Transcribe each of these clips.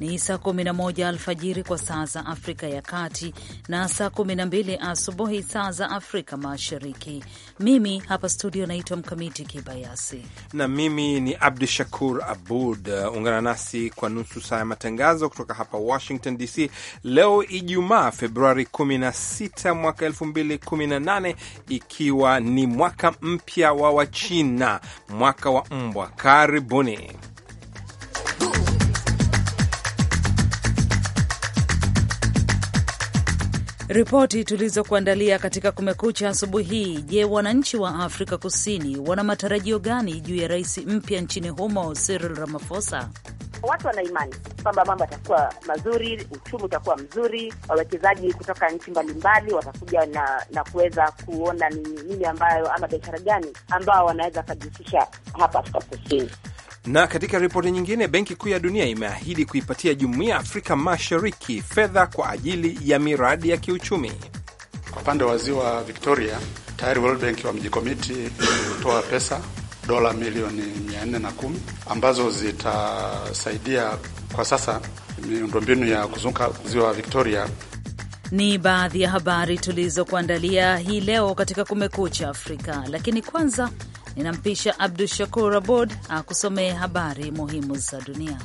ni saa 11 alfajiri kwa saa za Afrika ya Kati na saa 12 asubuhi saa za Afrika Mashariki. Mimi hapa studio naitwa Mkamiti Kibayasi na mimi ni Abdu Shakur Abud. Ungana nasi kwa nusu saa ya matangazo kutoka hapa Washington DC leo Ijumaa, Februari 16 mwaka 2018 ikiwa ni mwaka mpya wa Wachina, mwaka wa mbwa. Karibuni. Ripoti tulizokuandalia katika Kumekucha asubuhi hii. Je, wananchi wa Afrika Kusini wana matarajio gani juu ya rais mpya nchini humo Cyril Ramaphosa? Watu wana imani kwamba mambo yatakuwa mazuri, uchumi utakuwa mzuri, wawekezaji kutoka nchi mbalimbali watakuja na, na kuweza kuona ni nini ambayo ama biashara gani ambao wanaweza wakajihusisha hapa Afrika Kusini. Na katika ripoti nyingine, Benki Kuu ya Dunia imeahidi kuipatia Jumuiya ya Afrika Mashariki fedha kwa ajili ya miradi ya kiuchumi. Kwa upande wa ziwa Victoria, tayari World Bank wamejikomiti kutoa pesa dola milioni 410 ambazo zitasaidia kwa sasa miundombinu ya kuzunguka ziwa Victoria. Ni baadhi ya habari tulizokuandalia hii leo katika Kumekucha Afrika, lakini kwanza Ninampisha Abdu Shakur Abud akusomee habari muhimu za dunia.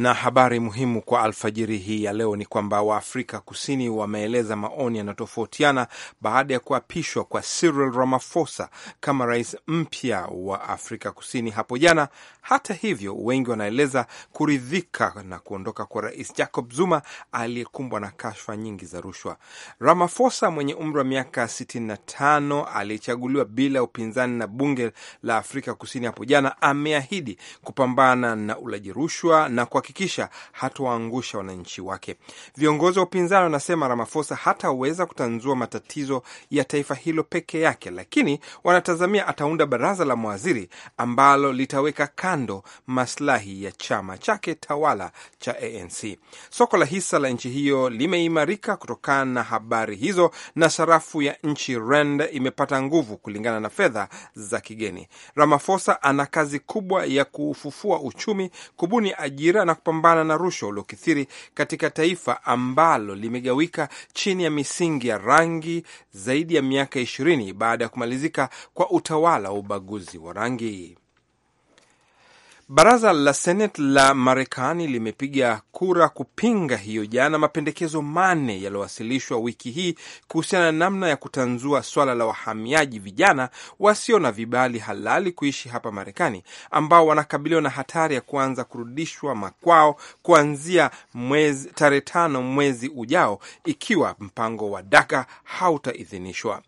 Na habari muhimu kwa alfajiri hii ya leo ni kwamba Waafrika Kusini wameeleza maoni yanayotofautiana baada ya kuapishwa kwa Cyril Ramaphosa kama rais mpya wa Afrika Kusini hapo jana. Hata hivyo, wengi wanaeleza kuridhika na kuondoka kwa Rais Jacob Zuma aliyekumbwa na kashfa nyingi za rushwa. Ramaphosa mwenye umri wa miaka 65 aliyechaguliwa bila upinzani na bunge la Afrika Kusini hapo jana ameahidi kupambana na ulaji rushwa na kwa kuhakikisha hatawaangusha wananchi wake. Viongozi wa upinzani wanasema ramafosa hataweza kutanzua matatizo ya taifa hilo peke yake, lakini wanatazamia ataunda baraza la mawaziri ambalo litaweka kando maslahi ya chama chake tawala cha ANC. Soko la hisa la nchi hiyo limeimarika kutokana na habari hizo, na sarafu ya nchi rand imepata nguvu kulingana na fedha za kigeni. ramafosa ana kazi kubwa ya kufufua uchumi, kubuni ajira na kupambana na rushwa uliokithiri katika taifa ambalo limegawika chini ya misingi ya rangi zaidi ya miaka ishirini baada ya kumalizika kwa utawala wa ubaguzi wa rangi. Baraza la senet la Marekani limepiga kura kupinga hiyo jana mapendekezo manne yaliyowasilishwa wiki hii kuhusiana na namna ya kutanzua swala la wahamiaji vijana wasio na vibali halali kuishi hapa Marekani, ambao wanakabiliwa na hatari ya kuanza kurudishwa makwao kuanzia tarehe tano mwezi ujao ikiwa mpango wa Daka hautaidhinishwa.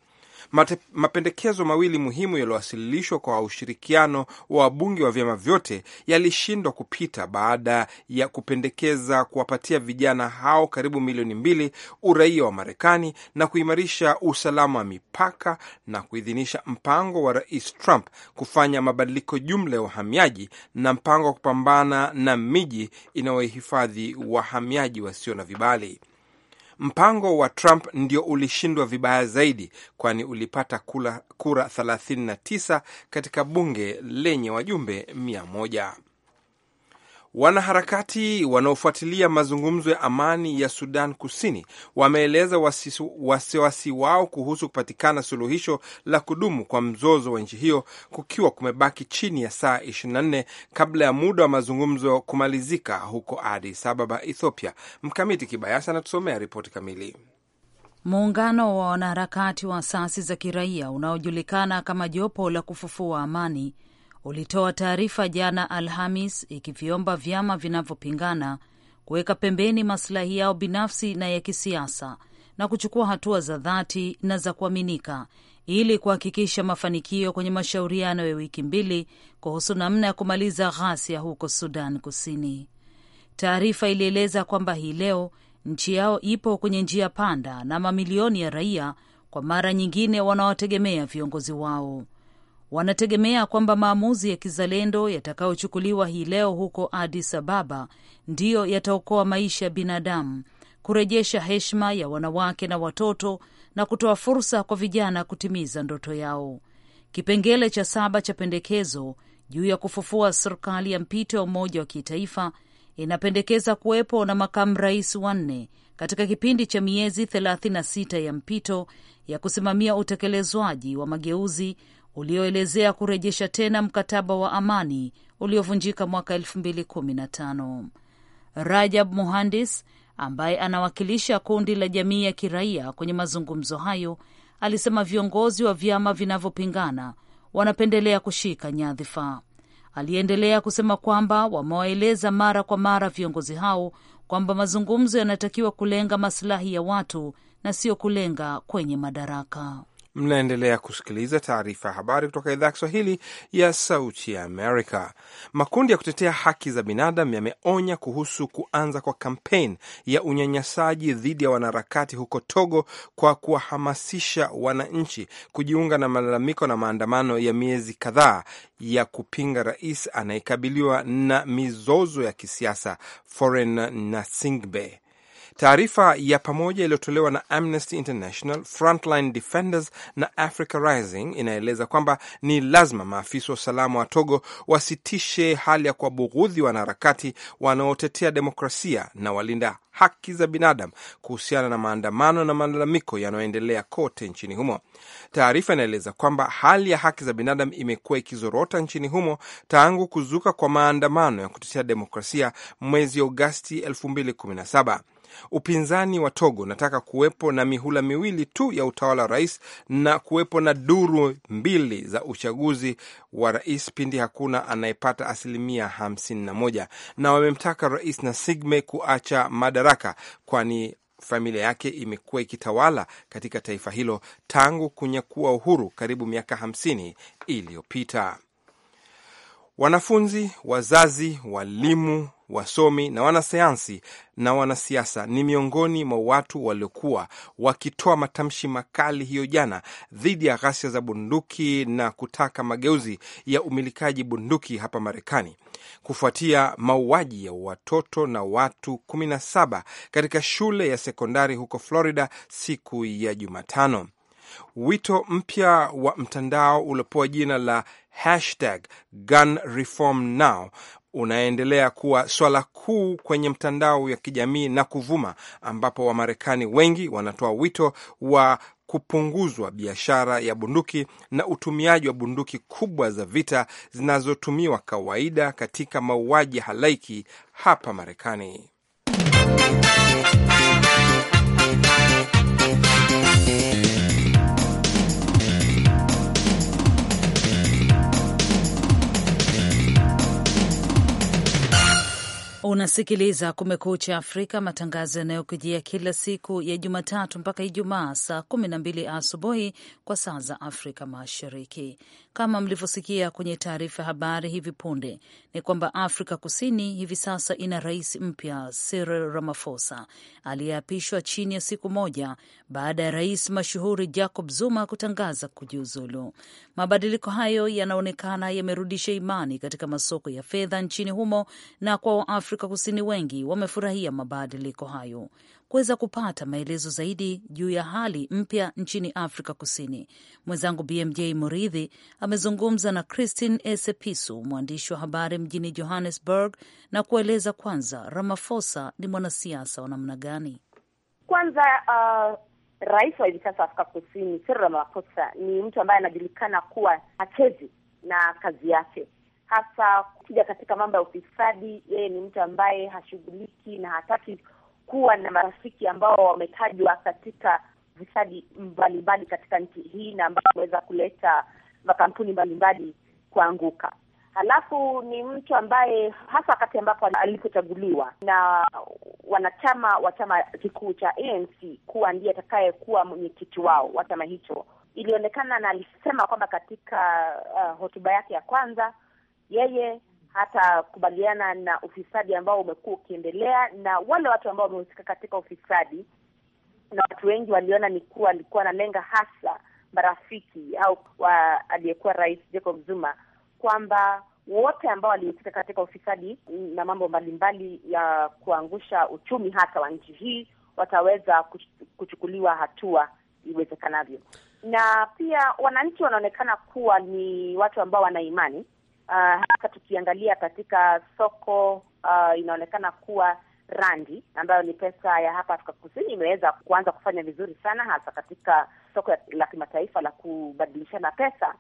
Mate, mapendekezo mawili muhimu yaliyowasilishwa kwa ushirikiano wa wabunge wa vyama vyote yalishindwa kupita baada ya kupendekeza kuwapatia vijana hao karibu milioni mbili uraia wa Marekani na kuimarisha usalama wa mipaka na kuidhinisha mpango wa Rais Trump kufanya mabadiliko jumla ya uhamiaji na mpango wa kupambana na miji inayohifadhi wahamiaji wasio na vibali. Mpango wa Trump ndio ulishindwa vibaya zaidi, kwani ulipata kula, kura 39 katika bunge lenye wajumbe mia moja. Wanaharakati wanaofuatilia mazungumzo ya amani ya Sudan Kusini wameeleza wasiwasi wao kuhusu kupatikana suluhisho la kudumu kwa mzozo wa nchi hiyo kukiwa kumebaki chini ya saa 24 kabla ya muda wa mazungumzo kumalizika huko Addis Ababa, Ethiopia. Mkamiti Kibayasi anatusomea ripoti kamili. Muungano wa wanaharakati wa asasi za kiraia unaojulikana kama Jopo la Kufufua Amani ulitoa taarifa jana Alhamis ikiviomba vyama vinavyopingana kuweka pembeni masilahi yao binafsi na ya kisiasa na kuchukua hatua za dhati na za kuaminika ili kuhakikisha mafanikio kwenye mashauriano ya wiki mbili kuhusu namna ya kumaliza ghasia huko Sudan Kusini. Taarifa ilieleza kwamba hii leo nchi yao ipo kwenye njia panda na mamilioni ya raia kwa mara nyingine wanawategemea viongozi wao wanategemea kwamba maamuzi ya kizalendo yatakayochukuliwa hii leo huko Addis Ababa ndiyo yataokoa maisha ya binadamu, kurejesha heshima ya wanawake na watoto na kutoa fursa kwa vijana kutimiza ndoto yao. Kipengele cha saba cha pendekezo juu ya kufufua serikali ya mpito ya umoja wa kitaifa inapendekeza kuwepo na makamu rais wanne katika kipindi cha miezi 36 ya mpito ya kusimamia utekelezwaji wa mageuzi ulioelezea kurejesha tena mkataba wa amani uliovunjika mwaka 2015. Rajab Muhandis ambaye anawakilisha kundi la jamii ya kiraia kwenye mazungumzo hayo alisema viongozi wa vyama vinavyopingana wanapendelea kushika nyadhifa. Aliendelea kusema kwamba wamewaeleza mara kwa mara viongozi hao kwamba mazungumzo yanatakiwa kulenga masilahi ya watu na sio kulenga kwenye madaraka. Mnaendelea kusikiliza taarifa ya habari kutoka idhaa ya Kiswahili ya Sauti ya Amerika. Makundi ya kutetea haki za binadamu yameonya kuhusu kuanza kwa kampeni ya unyanyasaji dhidi ya wanaharakati huko Togo kwa kuwahamasisha wananchi kujiunga na malalamiko na maandamano ya miezi kadhaa ya kupinga rais anayekabiliwa na mizozo ya kisiasa Faure Gnassingbe. Taarifa ya pamoja iliyotolewa na Amnesty International, Frontline Defenders na Africa Rising inaeleza kwamba ni lazima maafisa wa usalama wa Togo wasitishe hali ya kuwabughudhi wanaharakati wanaotetea demokrasia na walinda haki za binadamu kuhusiana na maandamano na malalamiko yanayoendelea kote nchini humo. Taarifa inaeleza kwamba hali ya haki za binadamu imekuwa ikizorota nchini humo tangu kuzuka kwa maandamano ya kutetea demokrasia mwezi Agosti 2017 upinzani wa Togo nataka kuwepo na mihula miwili tu ya utawala wa rais na kuwepo na duru mbili za uchaguzi wa rais pindi hakuna anayepata asilimia hamsini na moja, na wamemtaka Rais Nasigme kuacha madaraka kwani familia yake imekuwa ikitawala katika taifa hilo tangu kunyakua uhuru karibu miaka hamsini iliyopita. Wanafunzi, wazazi, walimu wasomi na wanasayansi na wanasiasa ni miongoni mwa watu waliokuwa wakitoa matamshi makali hiyo jana dhidi ya ghasia za bunduki na kutaka mageuzi ya umilikaji bunduki hapa Marekani kufuatia mauaji ya watoto na watu 17 katika shule ya sekondari huko Florida siku ya Jumatano. Wito mpya wa mtandao uliopewa jina la hashtag gun reform now unaendelea kuwa swala kuu kwenye mtandao ya kijamii na kuvuma, ambapo Wamarekani wengi wanatoa wito wa kupunguzwa biashara ya bunduki na utumiaji wa bunduki kubwa za vita zinazotumiwa kawaida katika mauaji halaiki hapa Marekani. Unasikiliza Kumekucha Afrika, matangazo yanayokujia kila siku ya Jumatatu mpaka Ijumaa saa kumi na mbili asubuhi kwa saa za Afrika Mashariki. Kama mlivyosikia kwenye taarifa ya habari hivi punde, ni kwamba Afrika Kusini hivi sasa ina rais mpya Cyril Ramaphosa, aliyeapishwa chini ya siku moja baada ya rais mashuhuri Jacob Zuma kutangaza kujiuzulu. Mabadiliko hayo yanaonekana yamerudisha imani katika masoko ya fedha nchini humo na kwa Afrika Afrika Kusini wengi wamefurahia mabadiliko hayo. Kuweza kupata maelezo zaidi juu ya hali mpya nchini Afrika Kusini, mwenzangu BMJ Muridhi amezungumza na Christine Esepisu, mwandishi wa habari mjini Johannesburg, na kueleza kwanza Ramaphosa ni mwanasiasa wa namna gani. Kwanza uh, rais wa hivi sasa Afrika Kusini Cyril Ramaphosa ni mtu ambaye anajulikana kuwa hachezi na kazi yake hasa kuja katika mambo ya ufisadi. Yeye ni mtu ambaye hashughuliki na hataki kuwa na marafiki ambao wametajwa katika ufisadi mbalimbali katika nchi hii na ambao wameweza kuleta makampuni mbalimbali kuanguka. Halafu ni mtu ambaye hasa wakati ambapo alipochaguliwa na wanachama wa chama kikuu cha ANC kuwa ndiye atakayekuwa mwenyekiti wao wa chama hicho, ilionekana na alisema kwamba katika uh, hotuba yake ya kwanza yeye hatakubaliana na ufisadi ambao umekuwa ukiendelea na wale watu ambao wamehusika katika ufisadi, na watu wengi waliona ni kuwa alikuwa analenga hasa marafiki au aliyekuwa Rais Jacob Zuma kwamba wote ambao walihusika katika ufisadi na mambo mbalimbali ya kuangusha uchumi hasa wa nchi hii wataweza kuchukuliwa hatua iwezekanavyo. Na pia wananchi wanaonekana kuwa ni watu ambao wana imani uh, hasa tukiangalia katika soko uh, inaonekana kuwa randi ambayo ni pesa ya hapa Afrika Kusini imeweza kuanza kufanya vizuri sana, hasa katika soko la kimataifa la kubadilishana pesa,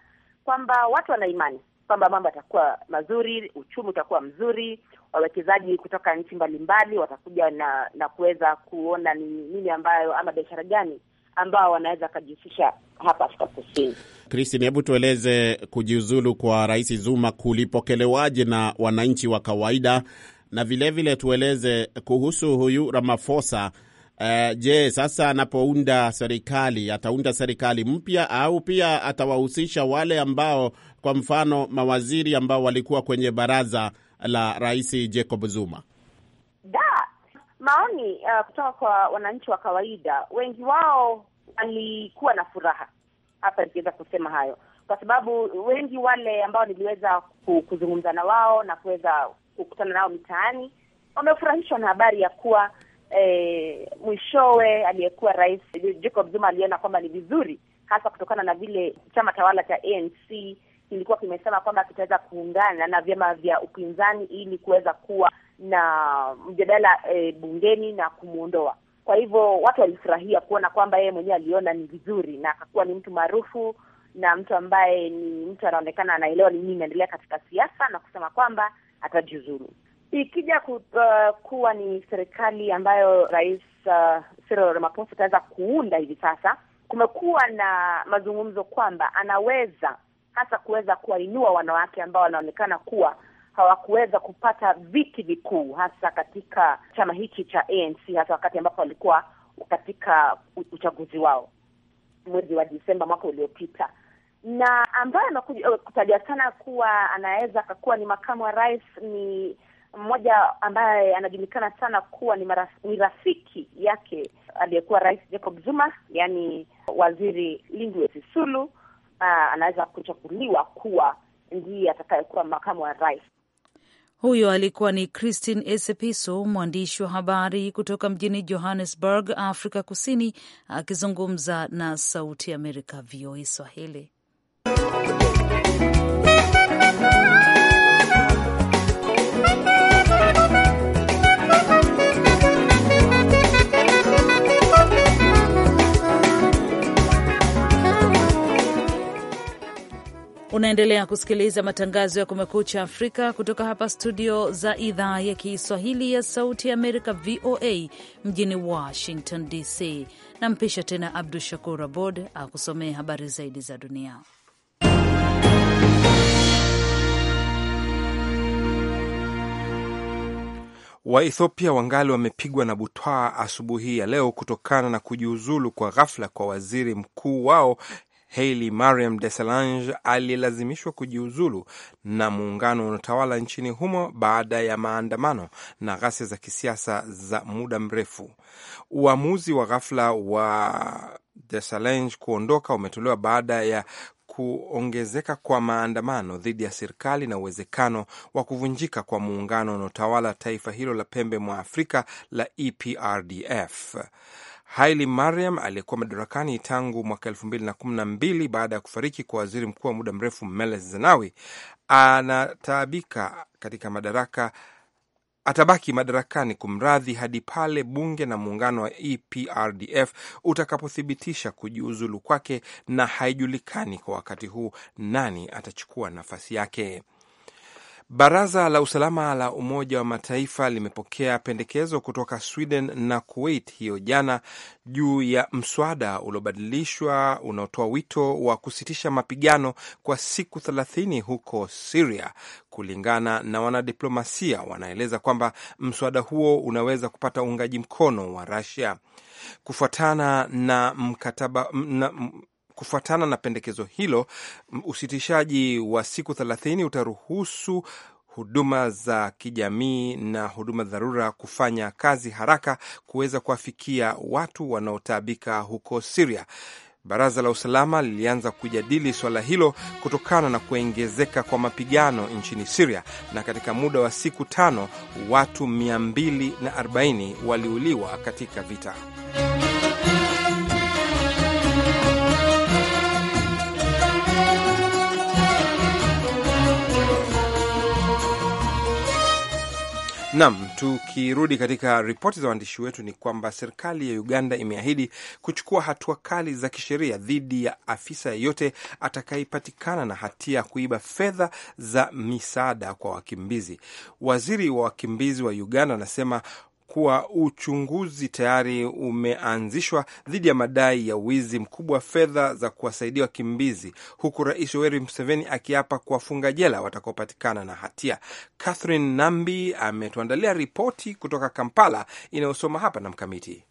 kwamba watu wana imani kwamba mambo yatakuwa mazuri, uchumi utakuwa mzuri, wawekezaji kutoka nchi mbalimbali watakuja na na kuweza kuona ni nini ambayo ama biashara gani ambao wanaweza akajihusisha hapa Afrika Kusini. Christine, hebu tueleze kujiuzulu kwa Rais Zuma kulipokelewaje na wananchi wa kawaida, na vilevile vile tueleze kuhusu huyu Ramaphosa. Uh, je, sasa anapounda serikali ataunda serikali mpya au pia atawahusisha wale ambao kwa mfano mawaziri ambao walikuwa kwenye baraza la Rais Jacob Zuma? maoni uh, kutoka kwa wananchi wa kawaida, wengi wao walikuwa na furaha hapa, nikiweza kusema hayo, kwa sababu wengi wale ambao niliweza kuzungumza na wao na kuweza kukutana nao mitaani wamefurahishwa na habari ya kuwa eh, mwishowe aliyekuwa rais Jacob Zuma aliona kwamba ni vizuri, hasa kutokana na vile chama tawala cha ANC kilikuwa kimesema kwamba kitaweza kuungana na vyama vya upinzani ili kuweza kuwa na mjadala e, bungeni na kumwondoa. Kwa hivyo watu walifurahia kuona kwamba yeye mwenyewe aliona ni vizuri na akakuwa ni mtu maarufu na mtu ambaye ni mtu anaonekana anaelewa ni nini inaendelea katika siasa na kusema kwamba atajiuzulu. Ikija ku, uh, kuwa ni serikali ambayo Rais uh, Cyril Ramaphosa ataweza kuunda hivi sasa, kumekuwa na mazungumzo kwamba anaweza hasa kuweza kuwainua wanawake ambao wanaonekana kuwa hawakuweza kupata viti vikuu hasa katika chama hichi cha ANC, hasa wakati ambapo walikuwa katika uchaguzi wao mwezi wa disemba mwaka uliopita, na ambaye amekutajwa eh, sana kuwa anaweza akakuwa ni makamu wa rais ni mmoja ambaye anajulikana sana kuwa ni, maras, ni rafiki yake aliyekuwa rais Jacob Zuma, yaani waziri Lindiwe Sisulu anaweza kuchaguliwa kuwa ndiye atakayekuwa makamu wa rais. Huyo alikuwa ni Christine Esepiso, mwandishi wa habari kutoka mjini Johannesburg, Afrika Kusini, akizungumza na Sauti ya Amerika, VOA Swahili. Unaendelea kusikiliza matangazo ya Kumekucha Afrika kutoka hapa studio za idhaa ya Kiswahili ya Sauti ya Amerika, VOA mjini Washington DC. Nampisha tena Abdu Shakur Abod akusomee habari zaidi za dunia. Waethiopia wangali wamepigwa na butwaa asubuhi ya leo kutokana na kujiuzulu kwa ghafla kwa waziri mkuu wao Haili Mariam Desalegn alilazimishwa kujiuzulu na muungano unaotawala nchini humo baada ya maandamano na ghasia za kisiasa za muda mrefu. Uamuzi wa ghafla wa Desalegn kuondoka umetolewa baada ya kuongezeka kwa maandamano dhidi ya serikali na uwezekano wa kuvunjika kwa muungano unaotawala taifa hilo la pembe mwa Afrika la EPRDF. Haili Mariam aliyekuwa madarakani tangu mwaka elfu mbili na kumi na mbili baada ya kufariki kwa waziri mkuu wa muda mrefu Meles Zenawi anataabika katika madaraka, atabaki madarakani kumradhi, hadi pale bunge na muungano wa EPRDF utakapothibitisha kujiuzulu kwake, na haijulikani kwa wakati huu nani atachukua nafasi yake. Baraza la usalama la Umoja wa Mataifa limepokea pendekezo kutoka Sweden na Kuwait hiyo jana juu ya mswada uliobadilishwa unaotoa wito wa kusitisha mapigano kwa siku thelathini huko Siria. Kulingana na wanadiplomasia, wanaeleza kwamba mswada huo unaweza kupata uungaji mkono wa rasia kufuatana na mkataba na Kufuatana na pendekezo hilo, usitishaji wa siku thelathini utaruhusu huduma za kijamii na huduma dharura kufanya kazi haraka kuweza kuwafikia watu wanaotaabika huko Siria. Baraza la usalama lilianza kujadili suala hilo kutokana na kuongezeka kwa mapigano nchini Siria, na katika muda wa siku tano watu 240 waliuliwa katika vita. Nam, tukirudi katika ripoti za waandishi wetu ni kwamba serikali ya Uganda imeahidi kuchukua hatua kali za kisheria dhidi ya afisa yeyote atakayepatikana na hatia ya kuiba fedha za misaada kwa wakimbizi. Waziri wa wakimbizi wa Uganda anasema kuwa uchunguzi tayari umeanzishwa dhidi ya madai ya wizi mkubwa wa fedha za kuwasaidia wakimbizi, huku Rais Yoweri Museveni akiapa kuwafunga jela watakaopatikana na hatia. Catherine Nambi ametuandalia ripoti kutoka Kampala inayosoma hapa na Mkamiti.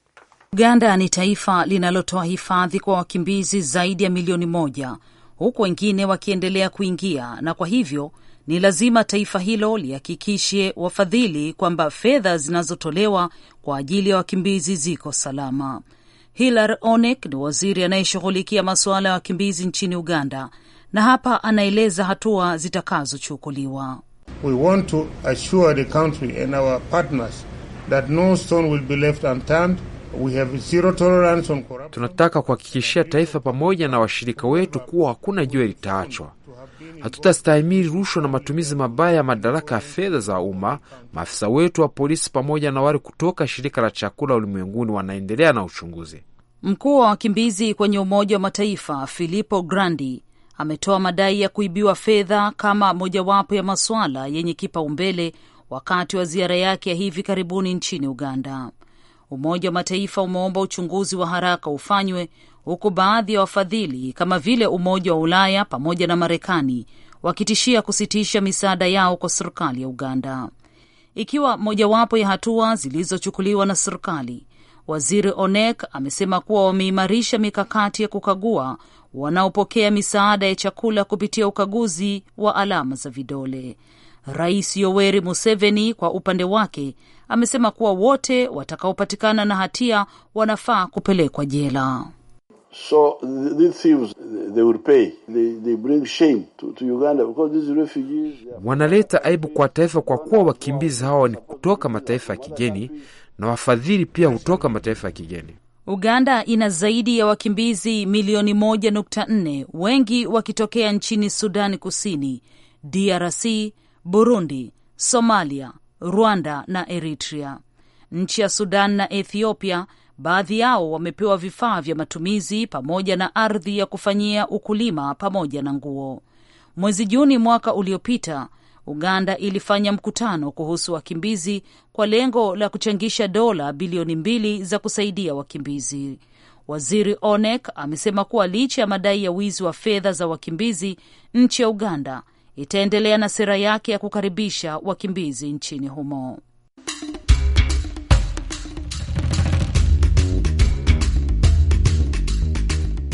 Uganda ni taifa linalotoa hifadhi kwa wakimbizi zaidi ya milioni moja huku wengine wakiendelea kuingia na kwa hivyo ni lazima taifa hilo lihakikishe wafadhili kwamba fedha zinazotolewa kwa ajili ya wakimbizi ziko salama. Hilar Onek ni waziri anayeshughulikia masuala ya wakimbizi nchini Uganda, na hapa anaeleza hatua zitakazochukuliwa. We want to assure the country and our partners that no stone will be left unturned. We have zero tolerance on corruption. Tunataka kuhakikishia taifa pamoja na washirika wetu kuwa hakuna jua litaachwa Hatutastahimili rushwa na matumizi mabaya ya madaraka ya fedha za umma. Maafisa wetu wa polisi pamoja na wale kutoka shirika la chakula ulimwenguni wanaendelea na uchunguzi. Mkuu wa wakimbizi kwenye Umoja wa Mataifa Filippo Grandi ametoa madai ya kuibiwa fedha kama mojawapo ya masuala yenye kipaumbele wakati wa ziara yake ya hivi karibuni nchini Uganda. Umoja wa Mataifa umeomba uchunguzi wa haraka ufanywe huku baadhi ya wa wafadhili kama vile Umoja wa Ulaya pamoja na Marekani wakitishia kusitisha misaada yao kwa serikali ya Uganda, ikiwa mojawapo ya hatua zilizochukuliwa na serikali. Waziri Onek amesema kuwa wameimarisha mikakati ya kukagua wanaopokea misaada ya chakula kupitia ukaguzi wa alama za vidole. Rais Yoweri Museveni kwa upande wake amesema kuwa wote watakaopatikana na hatia wanafaa kupelekwa jela. So these thieves, they will pay. They, they bring shame to, to Uganda because these refugees... Wanaleta aibu kwa taifa kwa kuwa wakimbizi hawa ni kutoka mataifa ya kigeni na wafadhili pia hutoka mataifa ya kigeni. Uganda ina zaidi ya wakimbizi milioni moja nukta nne, wengi wakitokea nchini Sudani Kusini, DRC, Burundi, Somalia, Rwanda na Eritrea. Nchi ya Sudan na Ethiopia Baadhi yao wamepewa vifaa vya matumizi pamoja na ardhi ya kufanyia ukulima pamoja na nguo. Mwezi Juni mwaka uliopita, Uganda ilifanya mkutano kuhusu wakimbizi kwa lengo la kuchangisha dola bilioni mbili za kusaidia wakimbizi. Waziri Onek amesema kuwa licha ya madai ya wizi wa fedha za wakimbizi, nchi ya Uganda itaendelea na sera yake ya kukaribisha wakimbizi nchini humo.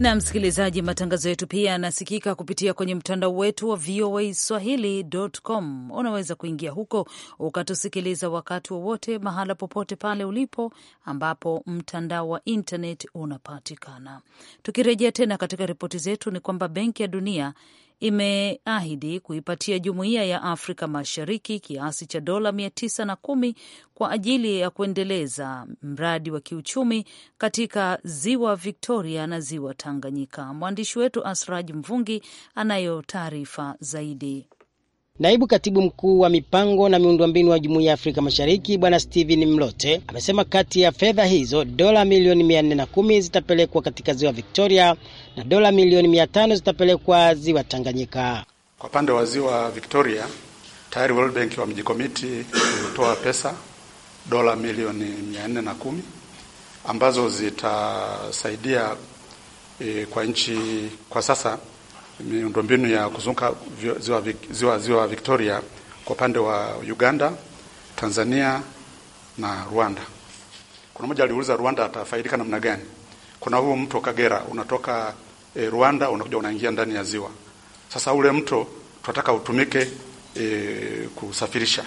Na msikilizaji, matangazo yetu pia yanasikika kupitia kwenye mtandao wetu wa VOA Swahili.com. Unaweza kuingia huko ukatusikiliza wakati wowote, mahala popote pale ulipo ambapo mtandao wa internet unapatikana. Tukirejea tena katika ripoti zetu, ni kwamba Benki ya Dunia imeahidi kuipatia Jumuiya ya Afrika Mashariki kiasi cha dola mia tisa na kumi kwa ajili ya kuendeleza mradi wa kiuchumi katika ziwa Victoria na ziwa Tanganyika. Mwandishi wetu Asraj Mvungi anayo taarifa zaidi. Naibu katibu mkuu wa mipango na miundombinu wa Jumuiya ya Afrika Mashariki Bwana Steven Mlote amesema kati ya fedha hizo dola milioni 410 zitapelekwa katika ziwa Victoria na dola milioni 500 zitapelekwa ziwa Tanganyika. Kwa upande wa ziwa Victoria tayari World Bank wamejikomiti kutoa pesa dola milioni 410 ambazo zitasaidia e, kwa nchi kwa sasa miundombinu ya kuzunguka ziwa, ziwa, ziwa Victoria kwa upande wa Uganda, Tanzania na Rwanda. Kuna mmoja aliuliza Rwanda atafaidika namna gani? Kuna huu mto Kagera unatoka e, Rwanda unakuja unaingia ndani ya ziwa. Sasa ule mto tunataka utumike e, kusafirisha,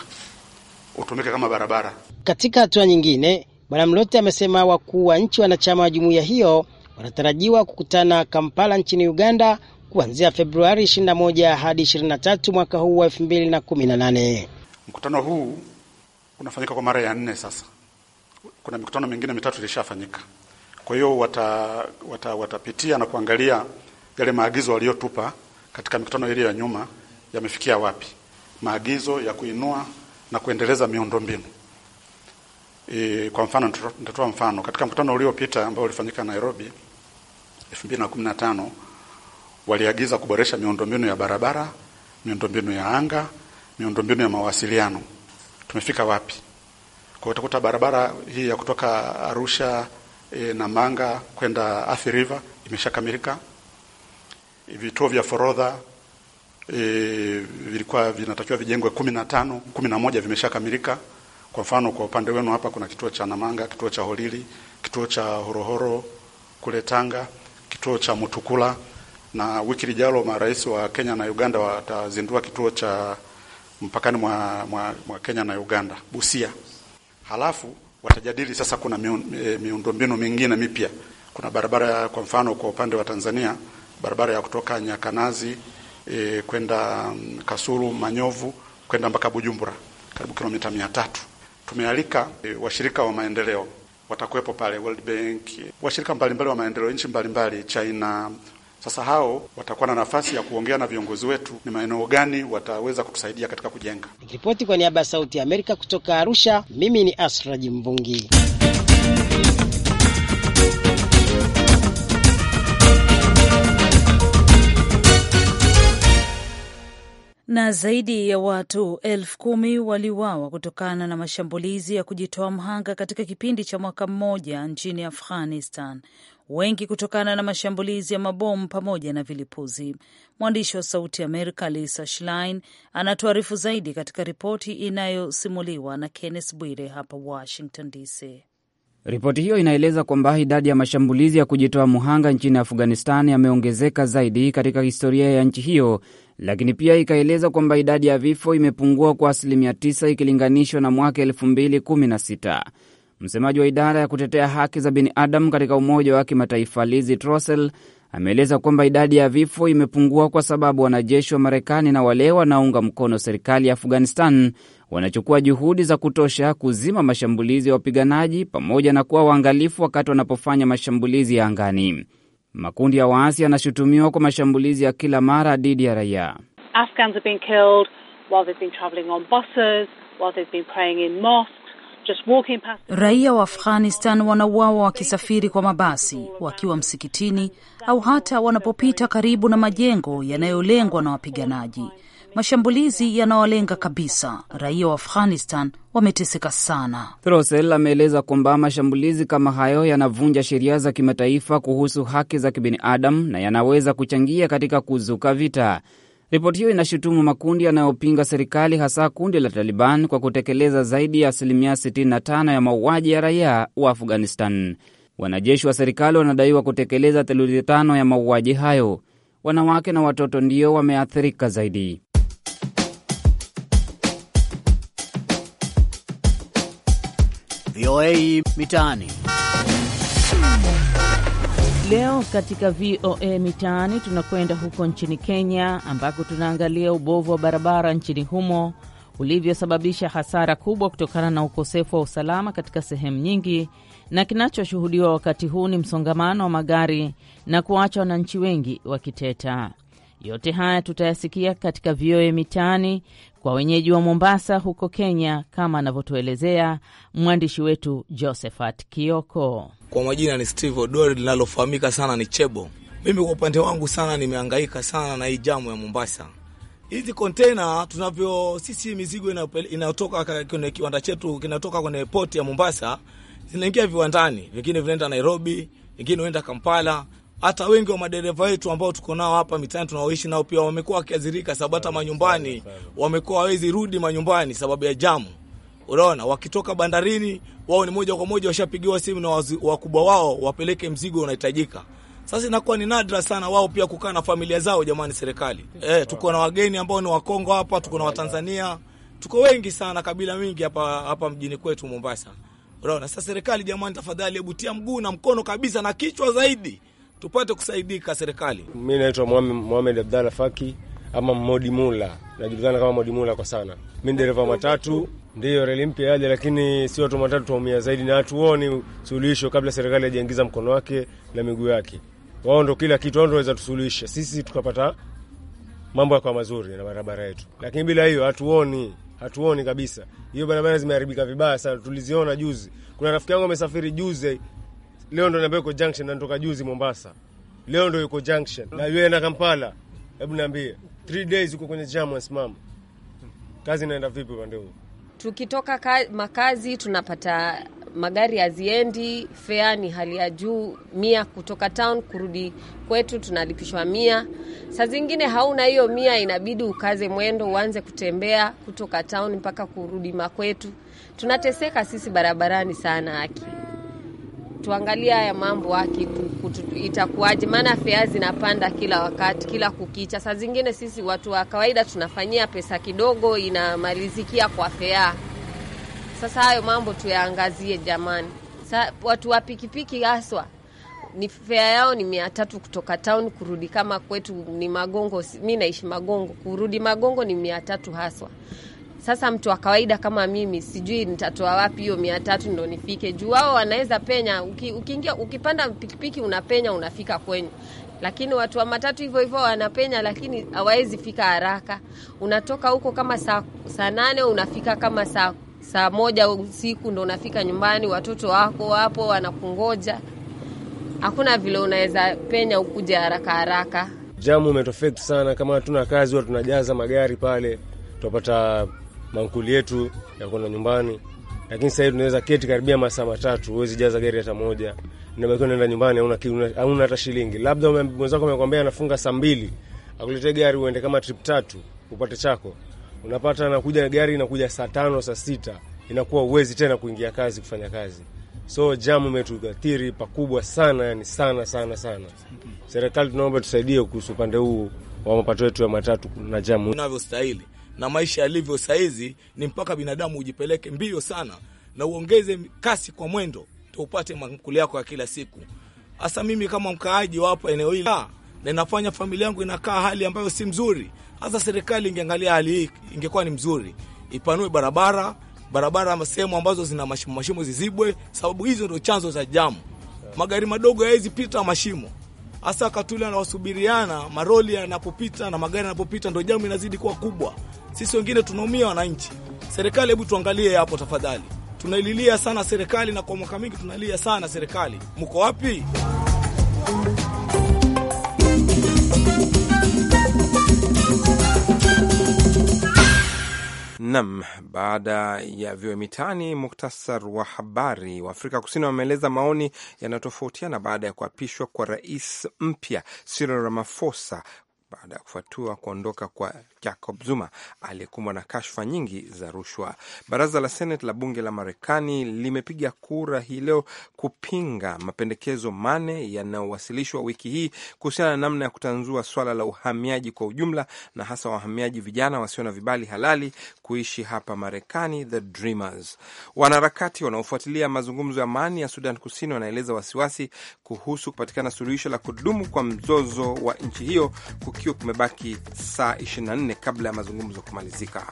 utumike kama barabara. Katika hatua nyingine, Bwana Mlote amesema wakuu wa nchi wanachama wa jumuiya hiyo wanatarajiwa kukutana Kampala nchini Uganda kuanzia Februari 21 hadi 23 mwaka huu wa 2018. Mkutano huu unafanyika kwa mara ya nne sasa. Kuna mikutano mingine mitatu ilishafanyika, kwa hiyo watapitia wata, wata na kuangalia yale maagizo waliyotupa katika mikutano ile ya nyuma yamefikia wapi, maagizo ya kuinua na kuendeleza miundombinu e, kwa mfano nitatoa mfano katika mkutano uliopita ambao ulifanyika Nairobi 2015 waliagiza kuboresha miundombinu ya barabara, miundombinu ya anga, miundombinu ya mawasiliano. Tumefika wapi? Kwa utakuta barabara hii ya kutoka Arusha e, na Manga kwenda Athi River imeshakamilika. vituo vya forodha e, vilikuwa vinatakiwa vijengwe kumi na tano, kumi na moja vimeshakamilika. Kwa mfano kwa upande wenu hapa kuna kituo cha Namanga, kituo cha Holili, kituo cha Horohoro kule Tanga, kituo cha Mutukula na wiki lijalo marais wa Kenya na Uganda watazindua kituo cha mpakani mwa, mwa, mwa Kenya na Uganda Busia. Halafu watajadili sasa, kuna e, miundombinu mingine mipya. Kuna barabara kwa mfano kwa upande wa Tanzania, barabara ya kutoka Nyakanazi e, kwenda mm, Kasulu Manyovu kwenda mpaka Bujumbura karibu kilomita mia tatu. Tumealika e, washirika wa maendeleo watakuwepo pale, World Bank, washirika mbalimbali wa maendeleo, nchi mbalimbali, China sasa hao watakuwa na nafasi ya kuongea na viongozi wetu ni maeneo gani wataweza kutusaidia katika kujenga. Nikiripoti kwa niaba ya Sauti ya Amerika kutoka Arusha, mimi ni Asraji Mvungi. na zaidi ya watu elfu kumi waliuawa kutokana na mashambulizi ya kujitoa mhanga katika kipindi cha mwaka mmoja nchini Afghanistan, wengi kutokana na mashambulizi ya mabomu pamoja na vilipuzi. Mwandishi wa Sauti ya Amerika Lisa Schlein anatuarifu zaidi katika ripoti inayosimuliwa na Kenneth Bwire hapa Washington DC. Ripoti hiyo inaeleza kwamba idadi ya mashambulizi ya kujitoa muhanga nchini Afghanistan yameongezeka zaidi katika historia ya nchi hiyo, lakini pia ikaeleza kwamba idadi ya vifo imepungua kwa asilimia 9 ikilinganishwa na mwaka 2016. Msemaji wa idara ya kutetea haki za binadamu katika Umoja wa Kimataifa Lizi Trossel ameeleza kwamba idadi ya vifo imepungua kwa sababu wanajeshi wa Marekani na wale wanaunga mkono serikali ya Afghanistan wanachukua juhudi za kutosha kuzima mashambulizi ya wapiganaji pamoja na kuwa waangalifu wakati wanapofanya mashambulizi ya angani. Makundi ya waasi yanashutumiwa kwa mashambulizi ya kila mara dhidi ya raia. Afghans have been killed while they've been traveling on buses, while they've been praying in mosques. Raia wa Afghanistan wanauawa wakisafiri kwa mabasi, wakiwa msikitini, au hata wanapopita karibu na majengo yanayolengwa na wapiganaji. Mashambulizi yanawalenga kabisa. Raia wa Afghanistan wameteseka sana. Throsell ameeleza kwamba mashambulizi kama hayo yanavunja sheria za kimataifa kuhusu haki za kibinadamu na yanaweza kuchangia katika kuzuka vita. Ripoti hiyo inashutumu makundi yanayopinga serikali hasa kundi la Taliban kwa kutekeleza zaidi ya asilimia 65 ya mauaji ya raia wa Afghanistan. Wanajeshi wa serikali wanadaiwa kutekeleza theluthi tano ya mauaji hayo. Wanawake na watoto ndio wameathirika zaidi. VOA Mitaani. Leo katika VOA Mitaani tunakwenda huko nchini Kenya, ambako tunaangalia ubovu wa barabara nchini humo ulivyosababisha hasara kubwa kutokana na ukosefu wa usalama katika sehemu nyingi, na kinachoshuhudiwa wakati huu ni msongamano wa magari na kuacha wananchi wengi wakiteta. Yote haya tutayasikia katika VOA Mitaani kwa wenyeji wa Mombasa huko Kenya, kama anavyotuelezea mwandishi wetu Josephat Kioko. Kwa majina ni Steve Odori, linalofahamika sana ni Chebo. Mimi kwa upande wangu sana nimehangaika sana na hii jamu ya Mombasa. Hizi kontena tunavyo sisi, mizigo inayotoka kwenye kiwanda chetu kinatoka kwenye poti ya Mombasa, zinaingia viwandani, vingine vinaenda Nairobi, vingine huenda Kampala hata wengi wa madereva wetu ambao tuko nao hapa mitaani tunaoishi nao pia wamekuwa wakiadhirika, sababu hata manyumbani wamekuwa hawezi rudi manyumbani sababu ya jamu. Unaona, wakitoka bandarini wao ni moja kwa moja washapigiwa simu na wakubwa wao wapeleke mzigo unahitajika. Sasa inakuwa ni nadra sana wao pia kukaa na familia zao. Jamani serikali, eh, tuko na wageni ambao ni Wakongo hapa, tuko na Watanzania, tuko wengi sana, kabila mingi hapa hapa mjini kwetu Mombasa. Unaona, sasa serikali, jamani, tafadhali, hebu tia mguu na mkono kabisa na kichwa zaidi tupate kusaidika serikali. Mi naitwa Mohamed Abdalla Faki ama Modi Mula, najulikana kama Modi Mula kwa sana. Mi ni dereva matatu, ndiyo reli mpya yaja, lakini si watu matatu twaumia zaidi, na hatuoni suluhisho kabla serikali hajaingiza mkono wake na miguu yake. Wao ndo kila kitu, wao ndo waweza tusuluhisha sisi tukapata mambo yakawa mazuri na barabara yetu, lakini bila hiyo hatuoni hatuoni kabisa. Hiyo barabara zimeharibika vibaya sana, tuliziona juzi. Kuna rafiki yangu amesafiri juzi leo ndo niambia uko junction na natoka juzi Mombasa, leo ndo yuko junction na yeye na Kampala. Hebu niambie, three days uko kwenye jam wasimama, kazi inaenda vipi upande huu? Tukitoka ka, makazi tunapata magari haziendi, fea ni hali ya juu mia. Kutoka town kurudi kwetu tunalipishwa mia. Saa zingine hauna hiyo mia, inabidi ukaze mwendo, uanze kutembea kutoka town mpaka kurudi makwetu. Tunateseka sisi barabarani sana, aki tuangalia haya mambo haki itakuwaje, maana fea zinapanda kila wakati, kila kukicha. Saa zingine sisi watu wa kawaida tunafanyia pesa kidogo, inamalizikia kwa fea. Sasa hayo mambo tuyaangazie jamani. Sa, watu wa pikipiki haswa ni fea yao ni mia tatu kutoka town kurudi, kama kwetu ni Magongo. Mi naishi Magongo, kurudi Magongo ni mia tatu haswa. Sasa mtu wa kawaida kama mimi sijui nitatoa wapi hiyo mia tatu ndo nifike juu. Wao wanaweza penya, ukiingia uki ukipanda pikipiki unapenya unafika kwenyu, lakini watu wa matatu hivyo hivyo wanapenya, lakini hawawezi fika haraka. Unatoka huko kama saa, saa nane unafika kama saa, saa moja usiku ndo unafika nyumbani, watoto wako wapo wanakungoja. Hakuna vile unaweza penya ukuja haraka haraka. Jamu umetofekt sana, kama hatuna kazi huwa tunajaza magari pale, tunapata mankuli yetu ya kwenda nyumbani, lakini sasa hivi tunaweza keti karibia masaa matatu, huwezi jaza gari hata moja, nabakiwa naenda nyumbani, hauna hata shilingi. Labda mwenzako amekwambia anafunga saa mbili, akulete gari uende kama trip tatu upate chako, unapata nakuja gari inakuja saa tano saa sita, inakuwa uwezi tena kuingia kazi kufanya kazi. So jamu imetuathiri pakubwa sana, yani sana sana sana. Serikali tunaomba tusaidie kuhusu upande huu wa mapato yetu ya matatu na jamu inavyostahili na maisha yalivyo saizi, ni mpaka binadamu ujipeleke mbio sana na uongeze kasi kwa mwendo, ndio upate makuli yako ya kila siku. Hasa mimi kama mkaaji wa hapa eneo hili na inafanya familia yangu inakaa hali ambayo si mzuri. Hasa serikali ingeangalia hali hii, ingekuwa ni mzuri, ipanue barabara barabara, sehemu ambazo zina mashimo mashimo zizibwe, sababu hizo ndio chanzo za jamu. Magari madogo hayawezi pita mashimo hasa wakati ule maroli yanapopita na magari yanapopita, ndo jamu inazidi kuwa kubwa. Sisi wengine tunaumia, wananchi. Serikali, hebu tuangalie hapo tafadhali. Tunaililia sana serikali, na kwa mwaka mingi tunalia sana serikali. Mko wapi? Nam, baada ya vyoe mitaani, muktasar wa habari wa Afrika Kusini wameeleza maoni yanayotofautiana baada ya kuapishwa kwa rais mpya Cyril Ramaphosa baada ya kufuatua kuondoka kwa Jacob Zuma aliyekumbwa na kashfa nyingi za rushwa. Baraza la Seneti la bunge la Marekani limepiga kura hii leo kupinga mapendekezo mane yanayowasilishwa wiki hii kuhusiana na namna ya kutanzua swala la uhamiaji kwa ujumla, na hasa wahamiaji vijana wasio na vibali halali kuishi hapa Marekani, the Dreamers. Wanaharakati wanaofuatilia mazungumzo ya amani ya Sudan Kusini wanaeleza wasiwasi kuhusu kupatikana suluhisho la kudumu kwa mzozo wa nchi hiyo kukiwa kumebaki saa 24 nyingine kabla ya mazungumzo kumalizika.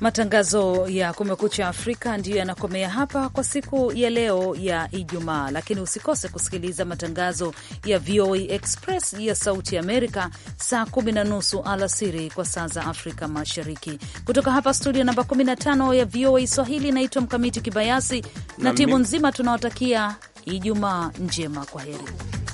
Matangazo ya Kumekucha Afrika ndiyo yanakomea hapa kwa siku ya leo ya Ijumaa, lakini usikose kusikiliza matangazo ya VOA Express ya Sauti Amerika saa kumi na nusu alasiri kwa saa za Afrika Mashariki. Kutoka hapa studio namba 15 ya VOA Swahili, inaitwa Mkamiti Kibayasi na, na timu nzima tunawatakia Ijumaa njema. Kwa heri.